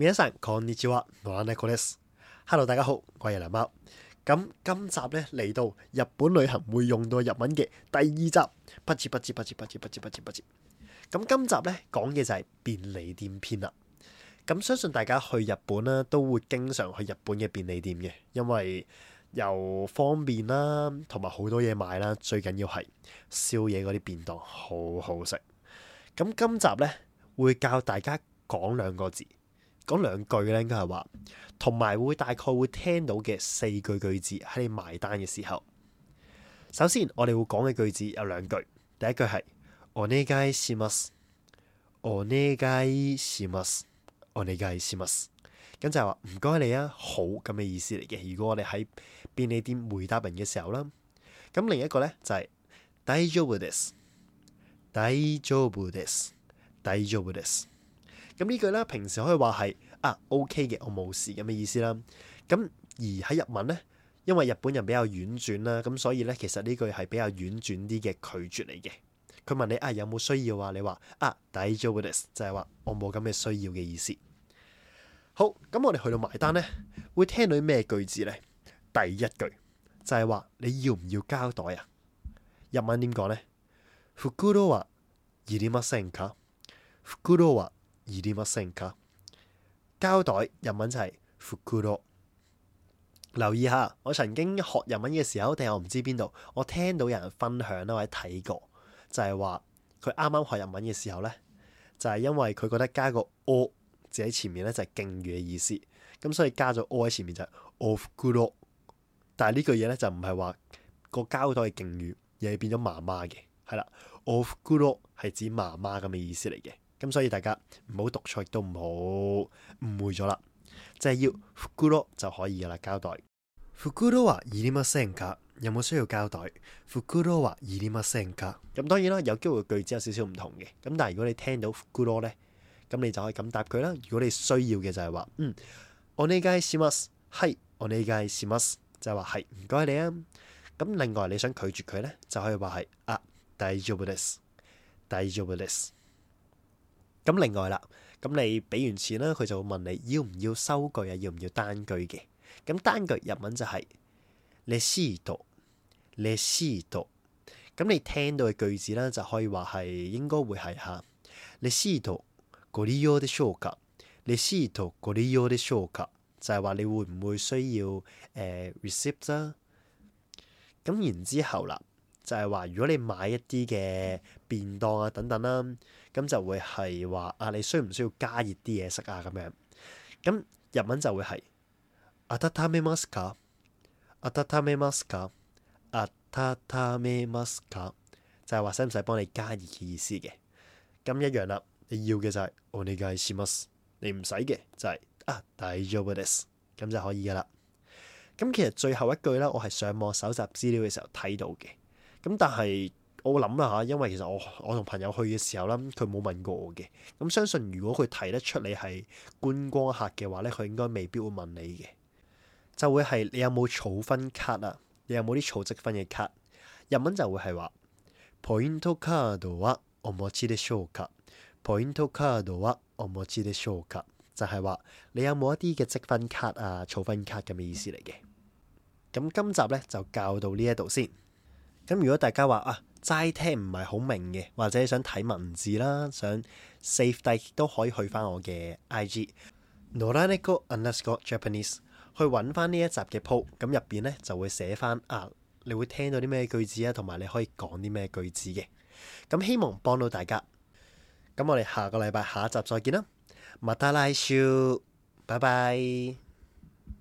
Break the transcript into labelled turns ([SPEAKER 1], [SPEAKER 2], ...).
[SPEAKER 1] 皆さんこんにちは。我係 Nicholas，Hello，大家好，我係梁貓。咁今集咧嚟到日本旅行，會用到日文嘅第二集。不知不知不知不知不知不知不知。咁今集咧講嘅就係便利店篇啦。咁相信大家去日本啦，都會經常去日本嘅便利店嘅，因為又方便啦，同埋好多嘢買啦。最緊要係宵夜嗰啲便當好好食。咁今集咧會教大家講兩個字。講兩句咧，應該係話，同埋會大概會聽到嘅四句句子喺你埋單嘅時候。首先，我哋會講嘅句子有兩句，第一句係お願いします、お願いします、お願いします，咁就係話唔該你啊，好咁嘅意思嚟嘅。如果我哋喺便利店回答人嘅時候啦，咁另一個咧就係大丈夫です、大丈夫です、大丈夫です。咁呢句咧，平時可以話係啊，OK 嘅，我冇事咁嘅意思啦。咁而喺日文咧，因為日本人比較婉轉啦，咁所以咧，其實呢句係比較婉轉啲嘅拒絕嚟嘅。佢問你啊，有冇需要啊？你話啊，大丈夫です，就係話我冇咁嘅需要嘅意思。好咁、嗯，我哋去到埋單咧，會聽到咩句子咧？第一句就係話你要唔要膠袋啊？日文點講咧？袋はいりませんか？袋は二啲乜聲噶？膠袋日文就係ふくろ。留意下，我曾經學日文嘅時候，定係我唔知邊度，我聽到有人分享啦，或者睇過，就係話佢啱啱學日文嘅時候咧，就係、是、因為佢覺得加個 O 字喺前面咧，就係敬語嘅意思，咁所以加咗 O 喺前面就係おふくろ但係呢句嘢咧就唔係話個膠袋嘅敬語，而係變咗媽媽嘅，係啦，おふくろ係指媽媽咁嘅意思嚟嘅。咁、嗯、所以大家唔好讀錯，亦都唔好誤會咗啦，就係要福古羅就可以啦，膠袋福古羅，話二點乜聲格，有冇需要膠袋福古羅，話二點乜聲格？咁、嗯、當然啦，有機會句子有少少唔同嘅。咁但係如果你聽到福古羅呢，咁你就可以咁答佢啦。如果你需要嘅就係話，嗯，我呢家係斯密斯，係，我呢家係斯密斯，就係話係唔該你啊。咁、嗯、另外你想拒絕佢呢，就可以話係啊，不好咁另外啦，咁你俾完錢啦，佢就會問你要唔要收據啊，要唔要單據嘅？咁單據日文就係レシート，レシート。咁你聽到嘅句子咧，就可以話係應該會係吓，レシートご利用でしょうか，レシートご利用でしょうか，就係話你會唔會需要誒 receipt 啦？咁然之後啦。就係話，如果你買一啲嘅便當啊等等啦，咁就會係話啊，你需唔需要加熱啲嘢食啊？咁樣，咁日文就會係《温めますか》たた《温めますか》たた《温めますか》たた，就係話使唔使幫你加熱嘅意思嘅。咁一樣啦，你要嘅就係、是《お願いします》你唔使嘅就係、是、啊，大丈夫です咁就可以噶啦。咁其實最後一句咧，我係上網搜集資料嘅時候睇到嘅。咁但係我諗啦吓，因為其實我我同朋友去嘅時候咧，佢冇問過我嘅。咁相信如果佢睇得出你係觀光客嘅話咧，佢應該未必會問你嘅。就會係你有冇儲分卡啊？你有冇啲儲積分嘅卡,有有分卡,有有分卡日文就會係話ポイントカードはお持ちでしょうか？ポイントカードはお持ちでしょうか？就係、是、話你有冇一啲嘅積分卡啊、儲分卡咁嘅意思嚟嘅。咁今集咧就教到呢一度先。咁如果大家話啊齋聽唔係好明嘅，或者想睇文字啦，想 save 低都可以去翻我嘅 IG，noraneko underscore Japanese 去揾翻呢一集嘅鋪，咁入邊呢就會寫翻啊，你會聽到啲咩句子啊，同埋你可以講啲咩句子嘅。咁希望幫到大家。咁我哋下個禮拜下一集再見啦，また來週，拜拜。